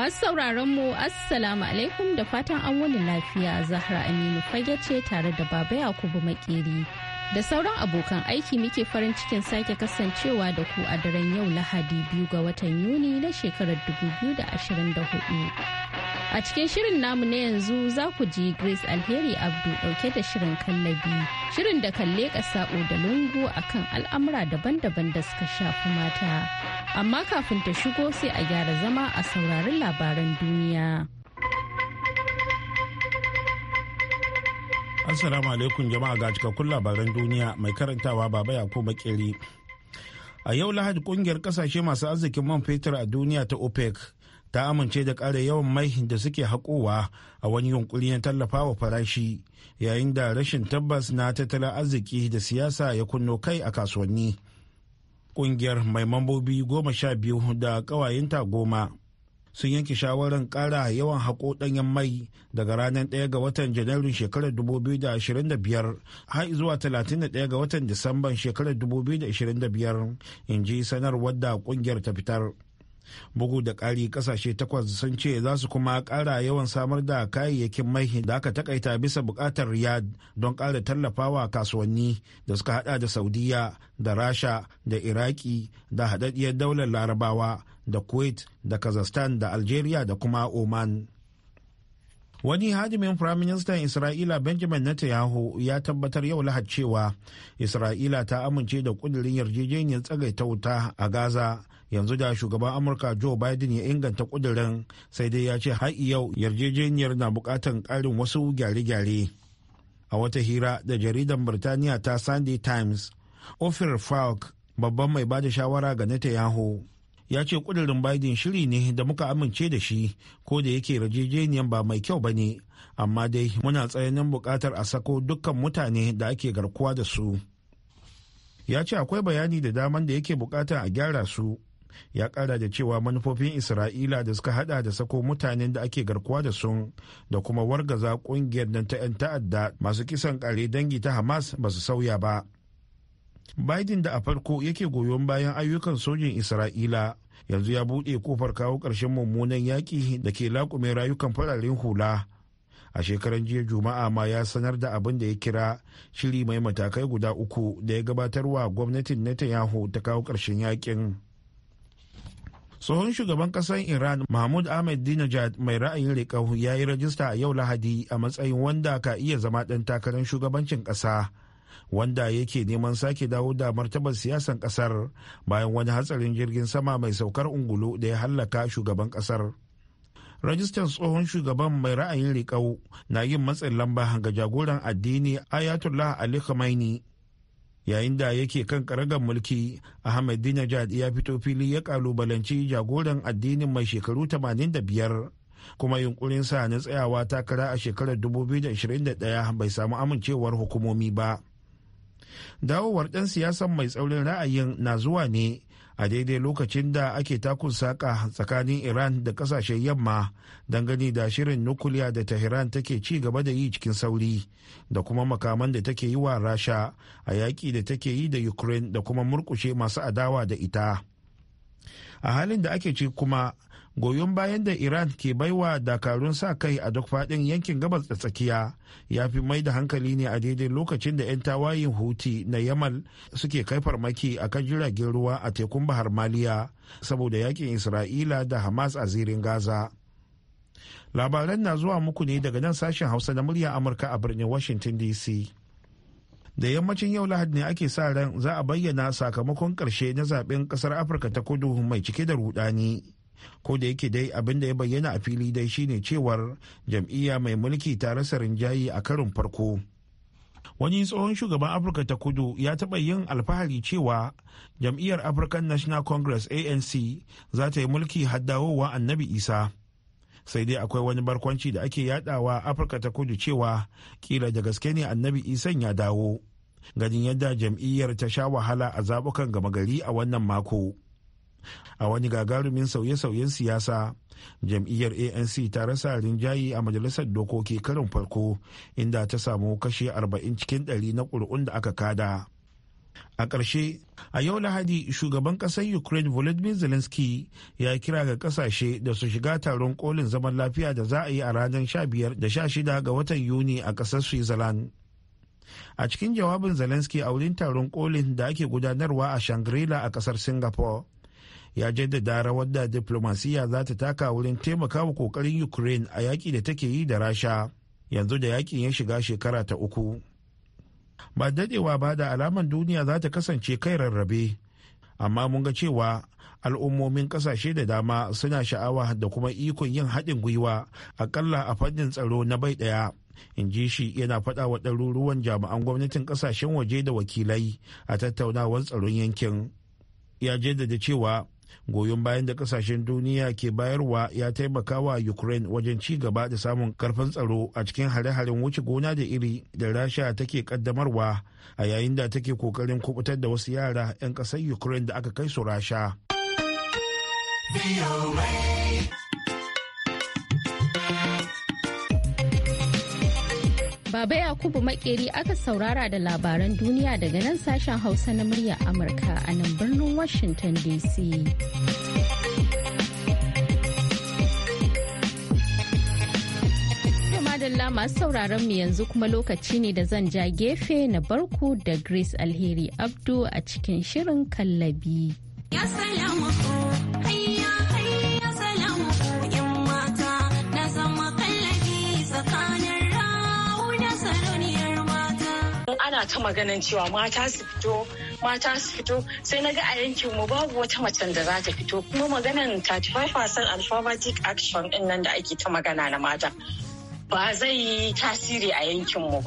Masu sauraron mu Assalamu alaikum da fatan an wani lafiya Zahra Aminu fage ce tare da Baba Yakubu Makeri. Da sauran abokan aiki muke farin cikin sake kasancewa da ku a daren yau Lahadi biyu ga watan Yuni na shekarar 2024. A cikin shirin namu na yanzu za ku ji Grace Alheri Abdu ɗauke da shirin kallabi, shirin da kalle ƙasa da lungu a kan al'amura daban-daban da suka shafi mata. Amma kafin ta shigo sai a gyara zama a saurarin labaran duniya. Assalamu alaikum jama'a ga cikakkun labaran duniya mai karantawa baba ya ko A yau Lahadi ƙungiyar ƙasashe masu arzikin man fetur a duniya ta OPEC ta amince da ƙara yawan mai da suke haƙowa a wani yunkuri na tallafawa farashi yayin da rashin tabbas na tattalin arziki da siyasa ya kunno kai a kasuwanni ƙungiyar mai mambobi goma sha biyu da ƙawayenta goma sun yanke shawarar ƙara yawan haƙo ɗanyen mai daga ranar 1 ga watan janairun shekarar 2025 har zuwa 31 ga watan disamban shekarar 2025 in ji sanarwar da ƙungiyar ta fitar. bugu da ƙari ƙasashe takwas sun ce za su kuma ƙara yawan samar da kayayyakin mai da aka takaita bisa buƙatar riyad don ƙara tallafawa kasuwanni da suka hada da saudiya da rasha da iraki da haɗaɗɗiyar daular larabawa da kuwait da kazakhstan da algeria da kuma oman wani hajimin firaministan isra'ila benjamin netanyahu ya tabbatar yau lahad cewa isra'ila ta amince da kudirin yarjejeniyar tsagaita wuta a gaza yanzu da shugaban amurka joe biden ya inganta kudirin sai dai ya ce har yau yarjejeniyar na bukatan karin wasu gyare-gyare a wata hira da jaridan birtaniya ta sunday times ofir falk babban mai bada shawara ga netanyahu ya ce kudirin biden shiri ne da muka amince da shi ko da yake yarjejeniyar ba mai kyau ba ne amma dai muna tsayanin bukatar a sako dukkan mutane da ake garkuwa da su ya ce akwai bayani da daman da yake bukata a gyara su ya kara da cewa manufofin isra'ila da suka hada da sako mutanen da ake garkuwa da sun da kuma wargaza kungiyar nan ta 'yan ta'adda masu kisan kare dangi ta hamas ba su sauya ba biden da a farko yake goyon bayan ayyukan sojin isra'ila yanzu ya buɗe kofar kawo ƙarshen mummunan yaƙi da ke laƙume rayukan fararen hula a shekaran jiya juma'a ma ya sanar da abin da ya kira shiri mai matakai guda uku da ya gabatarwa gwamnatin netanyahu ta kawo ƙarshen yakin. tsohon shugaban kasar iran mahmud ahmed dinajad mai ra'ayin rikau ya yi rajista a yau lahadi a matsayin wanda ka iya zama ɗan takarar shugabancin ƙasa wanda yake neman sake dawo da martabar siyasan ƙasar bayan wani hatsarin jirgin sama mai saukar ungulu da ya hallaka shugaban ƙasar. rajistan tsohon shugaban mai ra'ayin rikau na yin matsin lamba ga jagoran addini ayatollah ali khamenei yayin da yake kan karagar mulki dinajad ya fito fili ya kalubalanci jagoran addinin mai shekaru 85 kuma yunkurinsa na tsayawa takara a shekarar 2021 bai samu amincewar hukumomi ba dawowar ɗan siyasan mai tsaurin ra'ayin na zuwa ne a daidai lokacin da ake takun saka tsakanin iran da kasashen yamma gani da shirin nukuliya da tehran take ci gaba da yi cikin sauri da kuma makaman da take yi wa rasha a yaƙi da take yi da ukraine da kuma murkushe masu adawa da ita a halin da ake ci kuma goyon bayan da iran ke baiwa dakarun sa kai a duk fadin yankin gabas da tsakiya ya fi mai da hankali ne a daidai lokacin da 'yan tawayin huti na yamal suke kai farmaki a kan jiragen ruwa a tekun bahar maliya saboda yakin isra'ila da hamas a zirin gaza labaran na zuwa muku ne daga nan sashen hausa na murya amurka a birnin washington dc da yammacin yau lahadi ne ake sa ran za a bayyana sakamakon karshe na zaben kasar afirka ta kudu mai cike da rudani ko da yake dai abin da ya bayyana a fili dai shine cewar jam'iyya mai mulki ta rasa rinjaye a karin farko wani tsohon shugaban afirka ta kudu ya taɓa yin alfahari cewa jam'iyyar african national congress anc za ta yi mulki haddawowa annabi isa sai dai akwai wani barkwanci da ake yadawa afirka ta kudu cewa kila da gaske ne annabi isan ya dawo ganin yadda jam'iyyar ta sha wahala a zabukan gama gari a wannan mako. a wani gagarumin sauye-sauyen siyasa jam'iyyar anc ta rasa rinjaye a majalisar dokoki karin farko inda ta samu kashe 40 cikin 100 na ƙuri'un da aka kada a ƙarshe a yau lahadi shugaban ƙasar ukraine volodymyr zelensky ya kira ga ƙasashe da su shiga taron kolin zaman lafiya da za a yi a ranar 15 da 16 ga watan yuni a ƙasar switzerland a cikin jawabin zelensky a wurin taron kolin da ake gudanarwa a shangri a ƙasar singapore ya jaddada rawar da diplomasiya za ta taka wurin taimakawa kokarin ukraine a yaƙi da take yi da rasha yanzu da yakin ya shiga shekara ta uku ba dadewa ba da alaman duniya za ta kasance kai rarrabe amma mun ga cewa al'ummomin kasashe da dama suna sha'awa da kuma ikon yin haɗin gwiwa akalla a fannin tsaro na bai ɗaya in ji shi yana faɗa wa ɗaruruwan jami'an gwamnatin kasashen waje da wakilai a tattaunawar tsaron yankin ya jaddada cewa goyon bayan da kasashen duniya ke bayarwa ya taimaka wa ukraine wajen ci gaba da samun karfin tsaro a cikin hare-haren wuce gona da iri da rasha take kaddamarwa a yayin da take kokarin kubutar da wasu yara 'yan kasar ukraine da aka kai su rasha. Baba Yakubu Makeri aka saurara da labaran duniya daga nan sashen Hausa na muryar Amurka a nan birnin Washington DC. Madalla masu sauraron mu yanzu kuma lokaci ne da zan ja gefe na barku da Grace Alheri Abdu a cikin shirin kallabi. Ya salamu ana ta maganan cewa mata su fito mata su fito sai na ga a yankin mu babu wata macen da za ta fito kuma maganan 35% alphabetic action din nan da ake ta magana na mata ba zai yi tasiri a yankin mu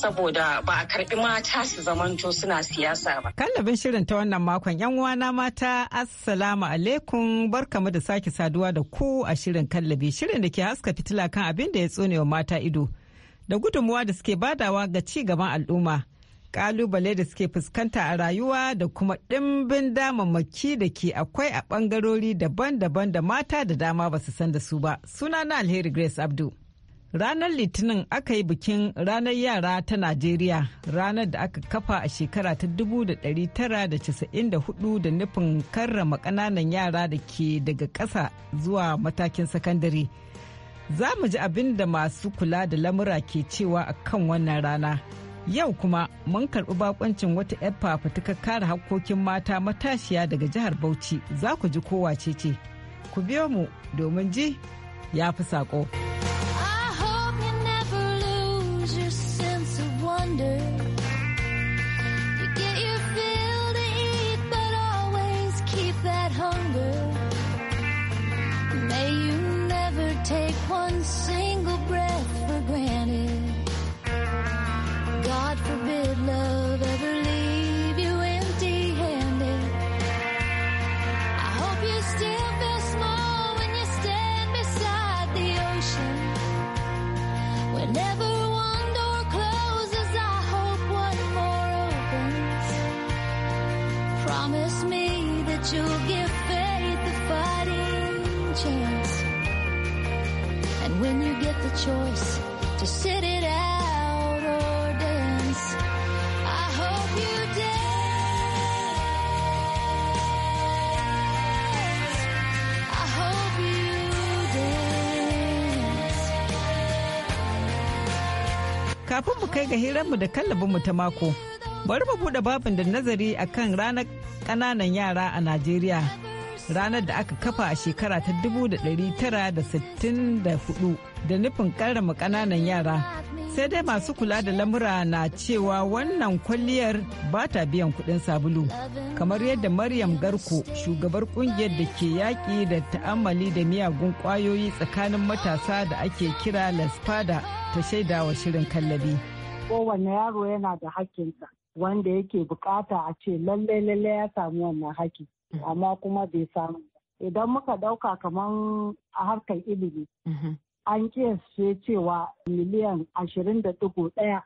saboda ba a karbi mata su zamanto suna siyasa ba. Kallabin shirin ta wannan makon yan uwana mata assalamu alaikum barkamu da sake saduwa da ku a shirin kallabi shirin da ke haska fitila kan abin da ya tsone wa mata ido da gudunmuwa da suke badawa ga ci gaban al'umma. kalubale da suke fuskanta a rayuwa da kuma ɗimbin damammaki da ke akwai a ɓangarori daban-daban da mata da dama ba su san da su ba suna na alheri grace abdu ranar litinin aka yi bikin ranar yara ta najeriya ranar da aka kafa a shekara ta 1994 da nufin karrama ƙananan yara da ke daga ƙasa zuwa matakin sakandare za mu ji abin da masu kula da lamura ke cewa a kan wannan rana Yau kuma mun karɓi bakoncin wata 'yar ka kare hakkokin mata matashiya daga jihar Bauchi za ku ji kowa ce ce. Ku biyo mu domin ji ya fi saƙo. take one single kafin mu kai ga hiranmu da kallabinmu ta mako bari mu bude babin da nazari akan ranar kananan yara a najeriya ranar da aka kafa a shekara ta 1964 da nufin karrama kananan yara sai dai masu kula da lamura na cewa wannan kwalliyar ba ta biyan kudin sabulu kamar yadda maryam garko shugabar kungiyar da ke yaƙi da ta'ammali da miyagun ƙwayoyi tsakanin matasa da ake kira lasfada ta shaidawa shirin kallabi kowane yaro yana da hakkinsa wanda yake bukata a ce lallai lallai ya samu wannan haki amma kuma bai samu idan muka dauka kamar a harkar ilimi mhm. an kiyasce cewa miliyan ashirin da ɗaya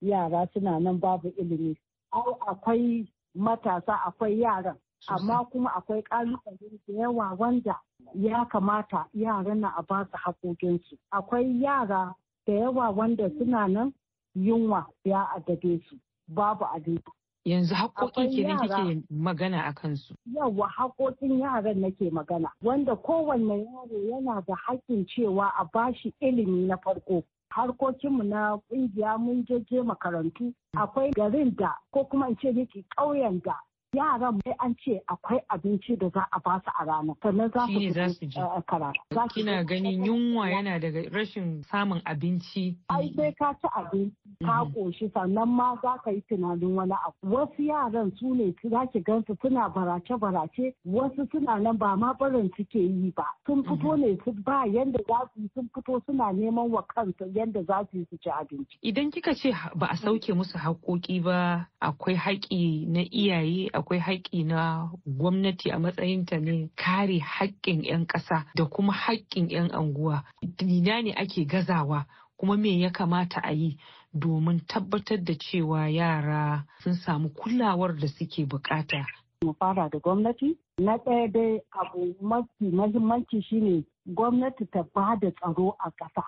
yara suna nan babu ilimi. Au akwai matasa akwai yaran, amma kuma akwai ƙalubale da yawa wanda ya kamata yaran na a ba su haƙoƙinsu. Akwai yara da yawa wanda suna nan yunwa ya adade su babu abinci. yanzu haƙoƙi kenan kike magana a kansu. Yawwa haƙoƙin yaran nake magana wanda kowanne yaro yana da haƙƙin cewa a bashi ilimi na farko. harkokinmu na ƙungiya mun je makarantu akwai garin da ko kuma in ce ke ƙauyen da yaran mai an ce akwai abinci da za a basu a rana sannan za su za su karatu kina ganin yunwa yana daga rashin samun abinci ai sai ka ci abinci ka koshi mhm. sannan ma za ka yi tunanin wani abu wasu yaran su ne za ki gansu suna barace barace wasu suna nan ba ma barin suke yi ba sun mhm. fito ne su ba yanda za su sun fito suna neman wa kansu yanda za su yi su ci abinci idan kika ce ba a sauke musu haƙoƙi ba akwai haƙi na iyaye akwai haƙƙi na gwamnati a matsayin ta ne kare haƙƙin 'yan ƙasa da kuma haƙƙin 'yan anguwa ina ne ake gazawa kuma me ya kamata a yi domin tabbatar da cewa yara sun samu kulawar da suke bukata mu fara da gwamnati na ɗaya dai abu mafi mahimmanci shine gwamnati ta ba da tsaro a ƙasa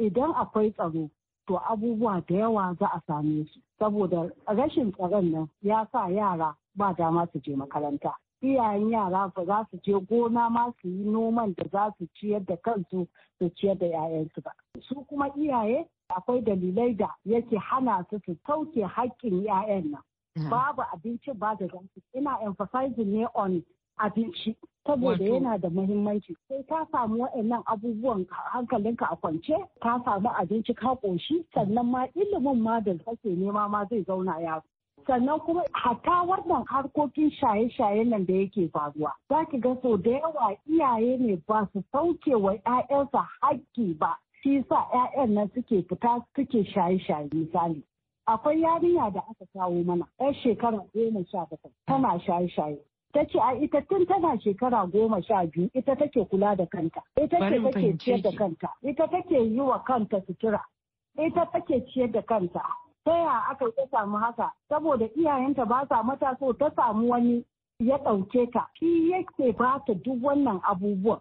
idan akwai tsaro to abubuwa da yawa za a same su saboda rashin tsaron nan ya sa yara ba dama su je makaranta iyayen yara ba za su je gona ma su yi noman da za su ciyar da kansu su ciyar da 'ya'yansu ba su kuma iyaye akwai dalilai da yake hana su su sauke haƙƙin 'ya'yan nan babu abinci ba da ina emphasizing ne on abinci saboda yana da mahimmanci, sai ka samu waɗannan abubuwan hankalinka a kwance ka samu abinci ka ƙoshi sannan ma ilimin ma da kake nema ma zai zauna ya sannan kuma hatta wannan harkokin shaye shaye nan da yake faruwa za ki ga sau da yawa iyaye ne ba su sauke wa 'ya'yansa hakki ba shi sa 'ya'yan nan suke fita suke shaye-shaye misali akwai yarinya da aka kawo mana 'yar shekara goma sha bakwai tana shaye-shaye ta ce a ita tun tana shekara goma sha biyu ita take kula da kanta ita ce take ciyar da kanta ita take yi wa kanta sutura ita take ciyar da kanta ta ya aka ta samu haka saboda iyayenta ba sa mata so ta samu wani ya ɗauke ta shi yake ba ta duk wannan abubuwan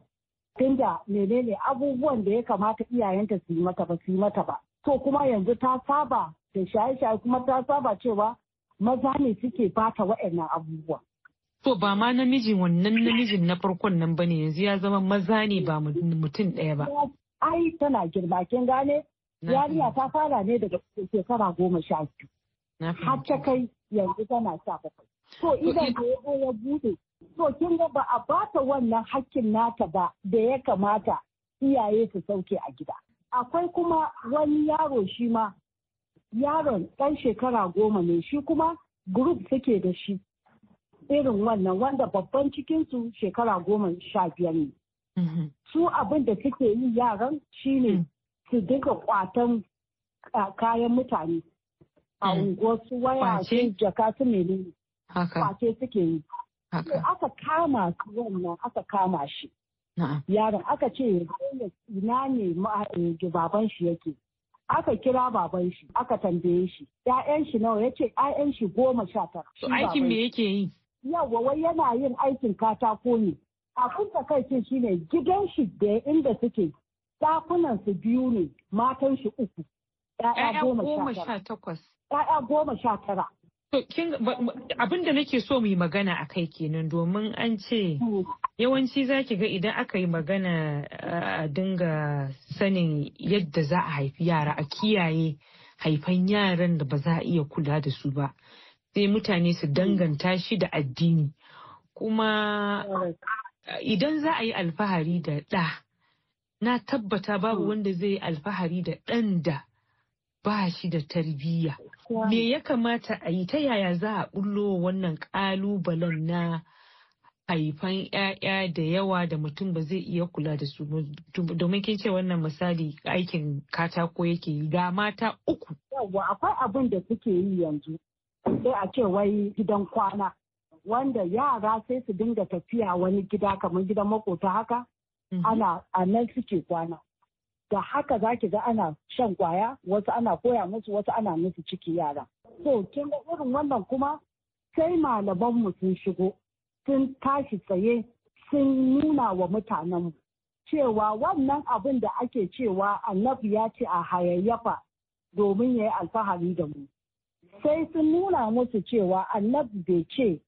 tunda menene abubuwan da ya kamata iyayenta su yi mata ba su yi mata ba to kuma yanzu ta saba da shaye-shaye kuma ta saba cewa maza ne suke bata wa'annan abubuwan. To ba ma namijin wannan namijin na farkon nan bane yanzu ya zama maza ne ba mutum ɗaya ba. Ai tana girma kin gane yariya ta fara ne daga shekara goma sha biyu. Har ta kai yanzu tana sha bakwai. To idan da ya ya bude. To kin ga ba a bata wannan hakkin nata ba da ya kamata iyaye su sauke a gida. Akwai kuma wani yaro shi ma yaron ɗan shekara goma ne shi kuma group suke da shi. irin wannan wanda babban cikinsu shekara goma sha biyar ne. Mm-hmm. Su abin da suke yi yaran shine mm. su dinga kwatan kayan mutane a mm. unguwarsu waya su jaka su menene. Kwace suke yi. Aka kama wannan aka kama shi. Yaron aka ce ina ne eh, baban shi yake. aka kira baban shi aka tambaye shi 'ya'yan shi nawa ya ce 'ya'yan shi goma sha tara. aikin me yake yi? yawa wai yana yin aikin katako ne abin da kai ce shine gidan shi da inda suke dakunan su biyu ne matan shi uku ɗaya goma sha tara abin da nake so mu yi magana a kai kenan domin an ce hmm. yawanci za ki ga idan aka yi magana a dinga sanin yadda za a haifi yara a kiyaye haifan yaran da ba za a iya kula da su ba sai mutane su danganta shi da addini kuma idan za a yi alfahari da ɗa na tabbata babu hmm. wanda zai yi alfahari da ɗan da ba shi da tarbiyya me ya kamata a yi ta yaya za a bullo wannan ƙalubalen na haifan ‘ya'ya da yawa da mutum ba zai iya kula da su domin kin ce wannan misali aikin katako yake yi ga mata uku. Yawwa akwai abin da suke yi yanzu sai a ce wai gidan kwana wanda yara sai su dinga tafiya wani gida kamar gidan makota haka mhm. ana a nan suke kwana da haka za ki ga ana shan kwaya wasu ana koya musu wasu ana musu ciki yara so kin ga irin wannan kuma sai mu sun shigo sun tashi tsaye sun nuna wa mutanenmu cewa wannan abin da ake cewa annabi ya ce a hayayyafa domin ya yi alfahari da mu sai sun nuna musu cewa annabi bai ce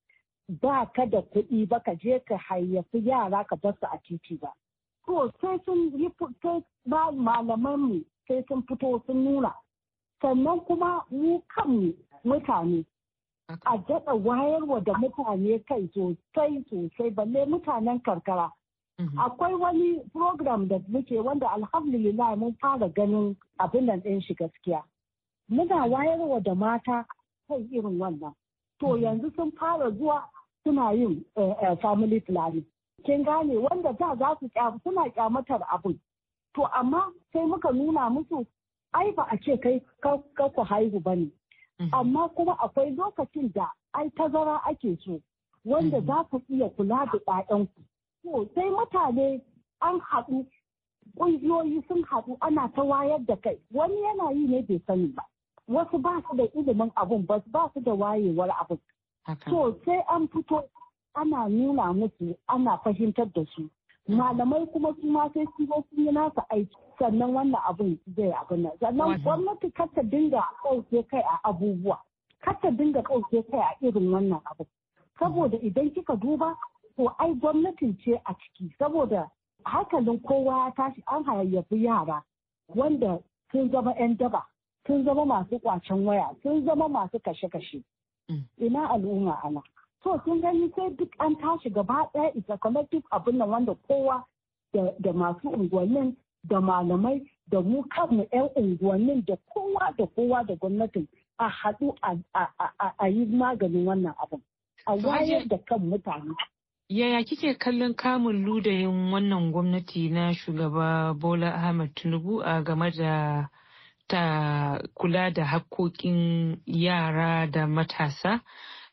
ba ka da kuɗi ba ka je ka hayyafi yara ka bar su a titi ba. To sai sun yi sai ba malaman mu sai sun fito sun nuna. Sannan kuma mu kanmu mutane a daɗa wayarwa da mutane kai sosai sosai balle mutanen karkara. Mhm. Akwai wani program da muke wanda alhamdulillah mun fara ganin abin nan ɗin shi gaskiya. muna wayarwa da mata kan irin wannan to mm-hmm. yanzu sun fara zuwa suna yin eh, eh, family planning kin gane wanda za za su suna kyamatar abin to amma sai muka nuna musu ai ba a ce kai ka ku haihu ba ne mm-hmm. amma kuma akwai lokacin da ai tazara ake so wanda mm-hmm. za ku iya kula da ƴaƴanku to sai mutane an haɗu ƙungiyoyi sun haɗu ana ta wayar da kai wani yana yi ne bai sani ba wasu ba su da ilimin abun ba basu su da wayewar abun so sai an fito ana nuna musu ana fahimtar da su mm. malamai kuma su ma sai su zo sun yi nasa aiki sannan wannan abun zai abin nan sannan gwamnati kar dinga ɗauke kai a abubuwa kar dinga ɗauke kai a irin wannan abu saboda idan kika duba ko ai gwamnatin ce a ciki saboda hankalin kowa ya tashi an hayayyafi yara wanda sun zama 'yan daba sun zama masu kwacen waya sun zama masu kashe-kashe mm. ina al'umma ana to sun gani sai duk an tashi gaba ɗaya isa collective abin nan wanda kowa da masu unguwannin da malamai da mu kanmu 'yan unguwannin da kowa da kowa da gwamnatin a haɗu a yi maganin wannan abin a wayar da kan mutane Yaya kike kallon kamun ludayin wannan gwamnati na shugaba Bola Ahmed Tinubu a game da ta kula da hakkokin yara da matasa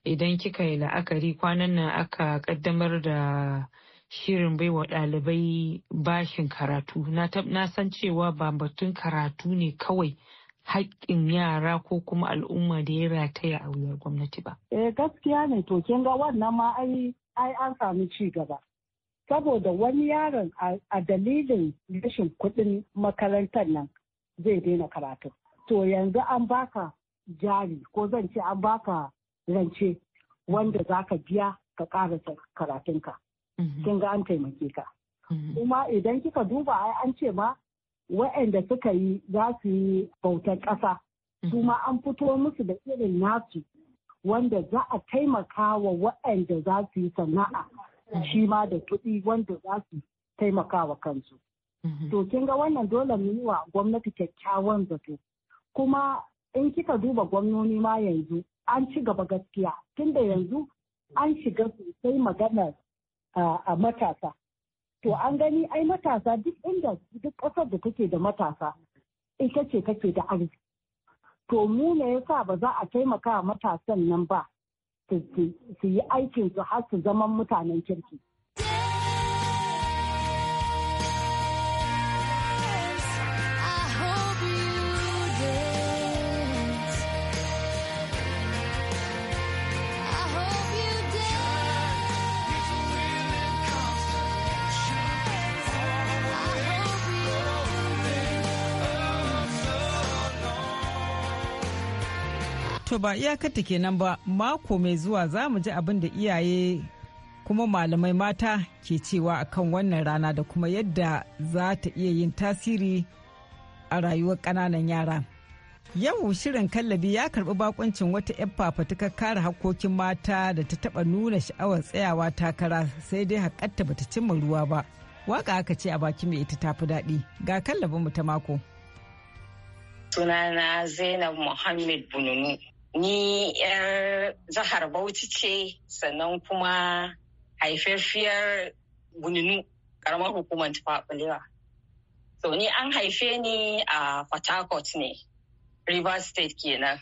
idan kika yi la'akari kwanan nan aka kaddamar da shirin baiwa ɗalibai bashin karatu na san cewa ba batun karatu ne kawai haƙƙin yara ko kuma al'umma da ya rataya a wuyar gwamnati ba. Eh gaskiya ne to kin ga wannan ma ai an samu ci gaba. Saboda wani yaron a dalilin rashin kuɗin makarantar nan zai daina karatu to yanzu an baka jari ko zan ce an baka rance wanda za ka biya ka karasa karatunka mm-hmm. kin ga an taimake ka mm-hmm. kuma idan kika duba ai an ce ma wa'anda suka yi za su yi bautar ƙasa mm-hmm. suma an fito musu da irin nasu wanda za a taimaka wa wa'anda za su yi sana'a shi ma da kuɗi wanda za su taimaka wa kansu Mm-hmm. To kin ga wannan dole mu yi wa gwamnati kyakkyawan zato. Kuma in kika duba gwamnoni ma yanzu an ci gaba gaskiya tunda yanzu an shiga sosai maganar ah, a matasa. To an gani ai matasa duk inda duk ƙasar da take da matasa ita ce take da arziki. To mu ne yasa ba za a taimaka matasan nan ba su yi aikin su har su zaman mutanen kirki. To ba iyakarta kenan ba mako mai zuwa za mu ji abin da iyaye kuma malamai mata ke cewa akan wannan rana da kuma yadda za ta iya yin tasiri a rayuwar ƙananan yara. Yau shirin kallabi ya karɓi bakuncin wata 'yan fafatukar kare hakkokin mata da ta taɓa nuna sha'awar tsayawa takara sai dai haƙatta bata cimma ruwa ba. Waka aka ce a baki mai ita tafi daɗi ga kallabin mu ta mako. Sunana Zainab Muhammad Bununu Ni yar jihar Bauchi ce sannan kuma haifafiyar gununu karamar hukumar tufaɓulewa. So ni an haife ni a Port ne, River State kenan.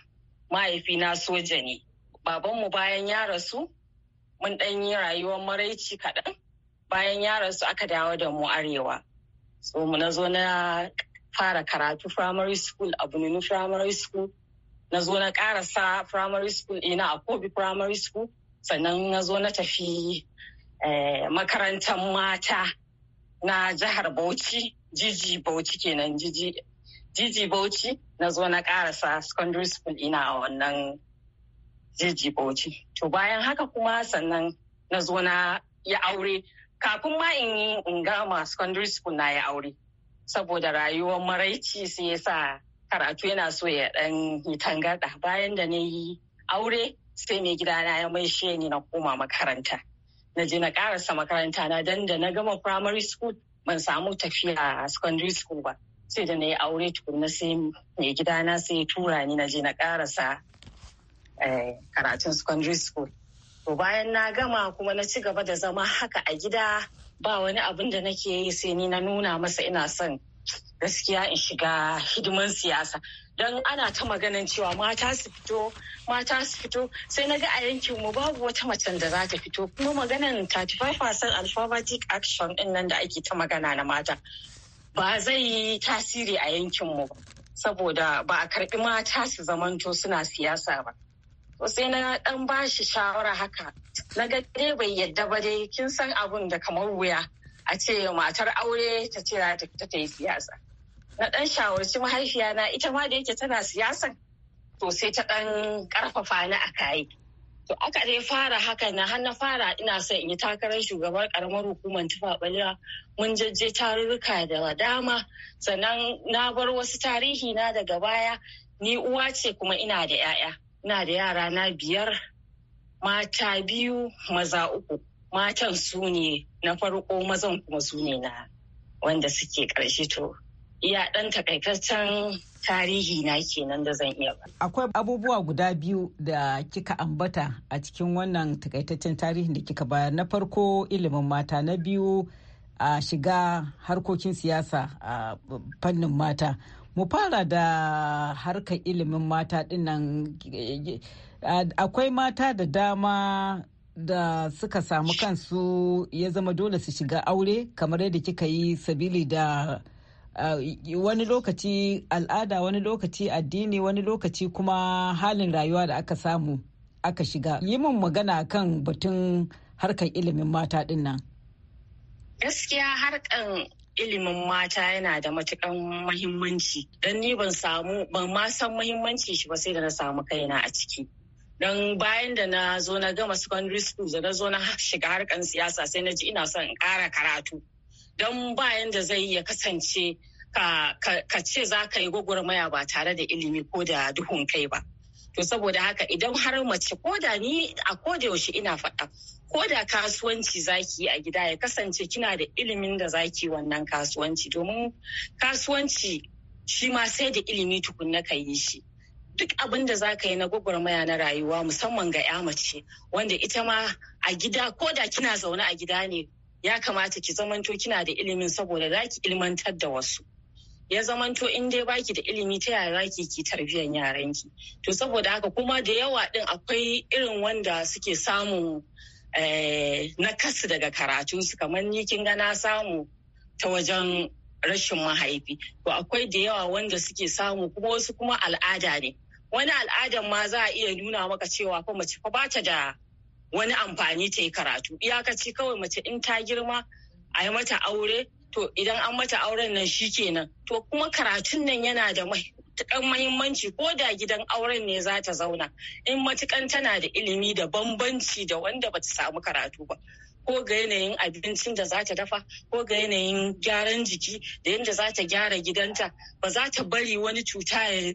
Mahaifina soja ne. Babanmu bayan ya rasu, mun ɗan yi rayuwar maraici kaɗan. Bayan ya rasu aka dawo da mu arewa. So mu na zo na fara karatu primary school a Bununu primary school. na zo na karasa primary school ina a kobi primary school sannan na zo na tafi eh, makarantar mata na jihar bauchi jiji bauchi kenan jiji bauchi na zo na karasa secondary school ina a wannan jiji bauchi to bayan haka kuma sannan na zo na ya aure kafin ma in yi in gama secondary school na ya aure saboda rayuwar maraici sai ya sa karatu yana so ya dan yi tangarda bayan da na yi aure sai mai gidana ya maishe ni na koma makaranta na je na karasa makaranta na dan da na gama primary school ban samu tafiya a secondary school ba sai da na yi aure tukuna sai mai gida na sai tura ni na je na karasa eh, karatun secondary school to bayan na gama kuma na ci gaba da zama haka a gida ba wani abin da nake yi sai ni na nuna masa ina son gaskiya in shiga hidiman siyasa don ana ta maganan cewa mata su fito mata su fito sai na ga a yankin mu babu wata macen da za ta fito kuma maganan 35% alphabetic action din nan da ake ta magana na mata ba zai yi tasiri a yankin mu saboda ba a karbi mata su zamanto suna siyasa ba sai na dan bashi shawara haka na ga dai bai yadda ba dai kin san abun da kamar wuya a ce matar aure ta ce ta ta yi siyasa na ɗan shawarci mahaifiya na ita ma da yake tana siyasa? to sai ta ɗan ƙarfafa ni a kayi to aka dai fara haka na har na fara ina son in yi takarar shugabar ƙaramar hukumar tufa balira mun jajje tarurruka da dama sannan na bar wasu tarihi na daga baya ni uwa ce kuma ina da 'ya'ya ina da yara na biyar mata biyu maza uku matan su ne na farko mazan kuma su ne na wanda suke ƙarshe to iya ɗan takaitaccen tarihi na kenan da zan iya ba. Akwai abubuwa guda biyu da kika ambata a cikin wannan takaitaccen tarihin da kika bayar na farko ilimin mata na biyu a shiga harkokin siyasa a fannin mata. Mu fara da harkar ilimin mata dinnan akwai mata da dama da suka samu kansu ya zama dole su shiga aure kamar yadda kika yi sabili da uh, wani lokaci al'ada wani lokaci addini wani lokaci kuma halin rayuwa da aka samu aka shiga yi mun magana kan batun harkar ilimin mata din nan gaskiya harkar ilimin mata yana da matukan mahimmanci don ni ban samu ban ma san mahimmanci shi ba sai da na samu kaina a ciki don bayan da na zo na gama secondary school da na zo na shiga harkan siyasa sai na ji ina son in ƙara karatu don bayan da zai ya kasance ka ce za ka yi gwagwarmaya ba tare da ilimi ko da duhun kai ba to saboda haka idan har mace ko da ni a koda yaushe ina faɗa ko da kasuwanci zaki yi a gida ya kasance kina da ilimin da zaki wannan kasuwanci domin kasuwanci shi ma sai da ilimi tukunna ka yi shi duk abin da za ka yi na gwagwarmaya na rayuwa musamman ga ya mace wanda ita ma a gida ko da kina zaune a gida ne ya kamata ki zamanto kina da ilimin saboda za ki ilmantar da wasu ya zamanto in dai baki da ilimi ta yaya zaki ki tarbiyyar yaranki to saboda haka kuma da yawa din akwai irin wanda suke samu eh, na kasu daga karatun su kamar ni kin ga na samu ta wajen rashin mahaifi to akwai da yawa wanda suke samu kuma wasu kuma al'ada ne wani al'adan ma za a iya nuna maka cewa fa mace fa bata da wani amfani ta yi karatu iyakaci kawai mace in ta girma a yi mata aure to idan an mata auren nan shi kenan to kuma karatun nan yana da matukan mahimmanci ko da gidan auren ne za ta zauna in matukan tana da ilimi da bambanci da wanda bata samu karatu ba ko ga yanayin abincin da za ta dafa ko ga yanayin gyaran jiki da yadda za ta gyara gidanta ba za ta bari wani cuta ya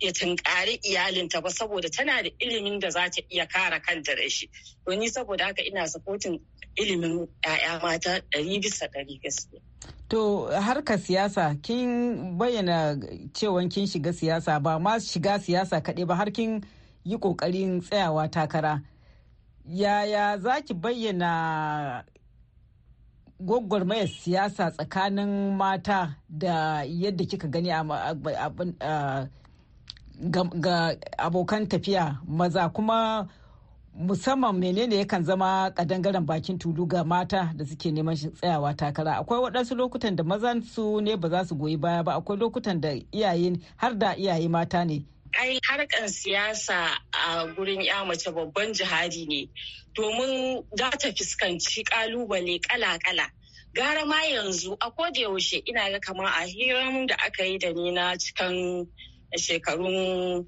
ya tunkari iyalinta ba saboda tana da ilimin da za ta iya kara kanta da shi doni saboda haka ina sapotin ilimin 'ya'ya mata ɗari bisa ɗari gaskiya To harka siyasa kin bayyana cewa kin shiga siyasa ba ma shiga siyasa kaɗai ba har kin yi ƙoƙarin tsayawa takara. Yaya za ki bayyana gwagwarmayar siyasa tsakanin mata da yadda kika gani a ga abokan tafiya maza kuma musamman menene ya kan zama kadangaren bakin tulu ga mata da suke neman tsayawa takara akwai waɗansu lokutan da mazan su ne ba za su goyi baya ba akwai lokutan da iyaye har da iyaye mata ne ai harkan siyasa a gurin ya mace babban jihadi ne domin za ta fuskanci kalubale kala-kala gara ma yanzu a da yaushe ina ga kamar a hiran da aka yi da ni na cikan A shekarun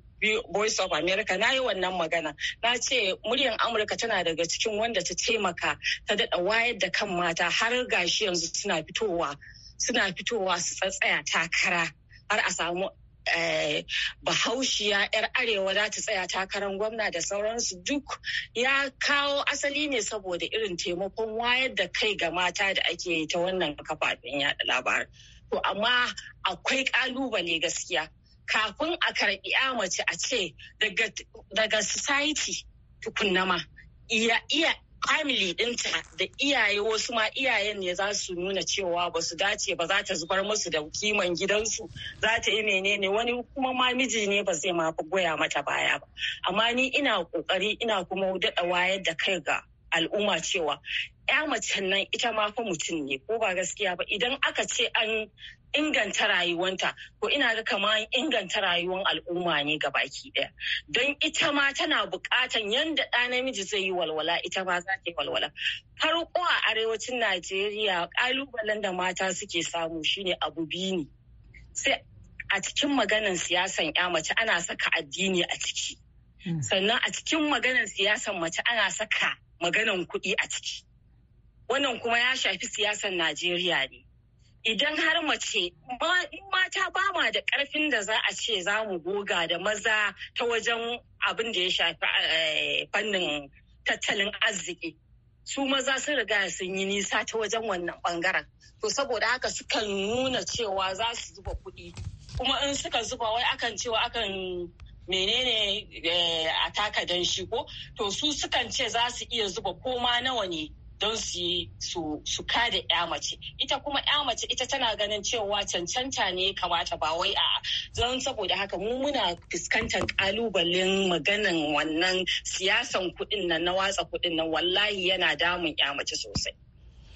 Voice of America na yi wannan magana na ce muryan Amurka tana daga cikin wanda ta taimaka ta daɗa wayar da kan mata har gashi yanzu suna fitowa suna fitowa su tsatsaya takara har a samu eh, bahaushiya 'yar arewa za ta tsaya takarar gwamna da sauransu duk ya kawo asali ne saboda irin taimakon wayar da kai ga mata da ake ta wannan kafafen yada labarai to amma akwai kalubale gaskiya kafin a karbi ya mace a ce daga society tukunna ma iya iya family dinta da iyaye wasu ma iyayen ne za su nuna cewa ba su dace ba za ta zubar musu da kiman gidansu za ta yi menene wani kuma ma miji ne ba zai ma goya mata baya ba amma ni ina kokari ina kuma daɗa wayar da kai ga al'umma cewa ya mace nan ita ma fa mutum ne ko ba gaskiya ba idan aka ce an inganta rayuwanta ko ina ga kama inganta rayuwan al'umma ne ga baki daya. don ita ma tana bukatan yadda ɗa namiji zai yi walwala ita ma za ta yi walwala farko a arewacin najeriya ƙalubalen da mata suke samu shine abu biyu ne sai a cikin maganan siyasan ya mace ana saka addini a ciki hmm. sannan a cikin maganan siyasan mace ana saka maganan kuɗi a ciki wannan kuma ya shafi siyasan najeriya ne idan har mace mata ba ma da karfin da za a ce za mu goga da maza ta wajen abin da ya shafi eh, fannin tattalin arziki su maza sun riga sun yi nisa ta wajen wannan bangaren to saboda haka sukan nuna cewa za su zuba kuɗi kuma in suka zuba wai akan cewa akan menene eh, a taka dan shi ko to su sukan ce za su iya zuba koma nawa ne don su yi su kada ya mace ita kuma ya mace ita tana ganin cewa cancanta ne kamata ba wai a don saboda haka mu muna fuskantar kalubalen maganan wannan siyasan kuɗin nan na watsa kuɗin nan wallahi yana damun ya mace sosai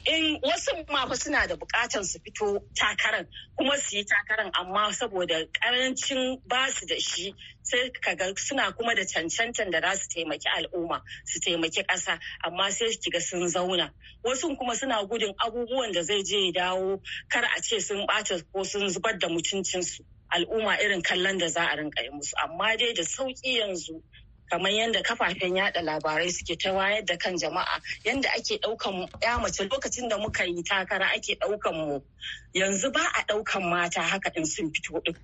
in wasu mafi suna da bukatar su fito takaran kuma su yi takaran amma saboda karancin su da shi sai kaga suna kuma da cancantan da za su taimaki al'umma su taimaki ƙasa amma sai kiga sun zauna wasu kuma suna gudun abubuwan da zai je dawo kar a ce sun ɓata ko sun zubar da mutuncinsu al'umma irin kallon da za a rinka yi musu amma dai da sauƙi yanzu kamar yadda kafafen yada labarai suke ta wayar da kan jama'a yadda ake daukan ya mace lokacin da muka yi takara ake daukan mu yanzu ba a daukan mata haka in sun fito din.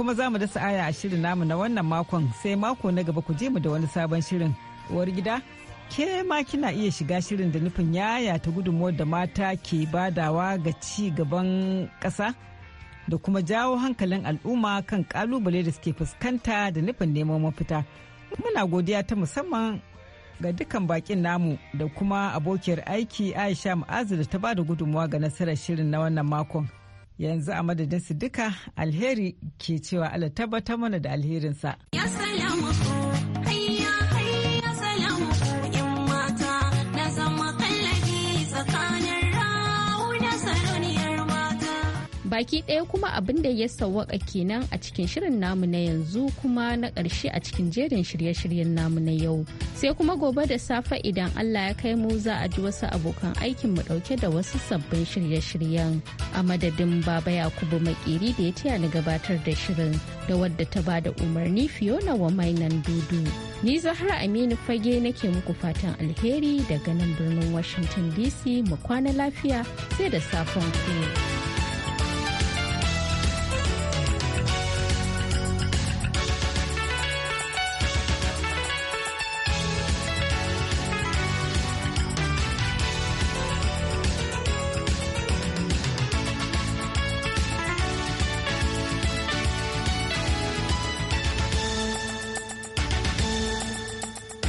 kuma za mu da sa'aya a shirin namu na wannan makon sai mako na gaba ku je mu da wani sabon shirin uwar gida ke ma kina iya shiga shirin da nufin yaya ta gudunmuwar da mata ke badawa ga ci gaban ƙasa da kuma jawo hankalin al'umma kan kalubale da suke fuskanta da nufin neman mafita muna godiya ta musamman ga dukkan bakin namu da kuma abokiyar aiki aisha ma'azu da ta da gudunmuwa ga nasarar shirin na wannan makon yanzu a madadin su duka alheri ke cewa ala tabbatar mana da alherinsa. Ya salamu baki ɗaya kuma abin da ya sawwaka kenan a cikin shirin namu na yanzu kuma na ƙarshe a cikin jerin shirye-shiryen namu na yau sai kuma gobe da safe idan allah ya kai mu za a ji wasu abokan aikin mu ɗauke da wasu sabbin shirye-shiryen a madadin baba yakubu makeri da ya taya ni gabatar da shirin da wadda ta ba da umarni fiona wa mainan dudu ni zahra aminu fage nake muku fatan alheri daga nan birnin washington dc mu kwana lafiya sai da safon ku.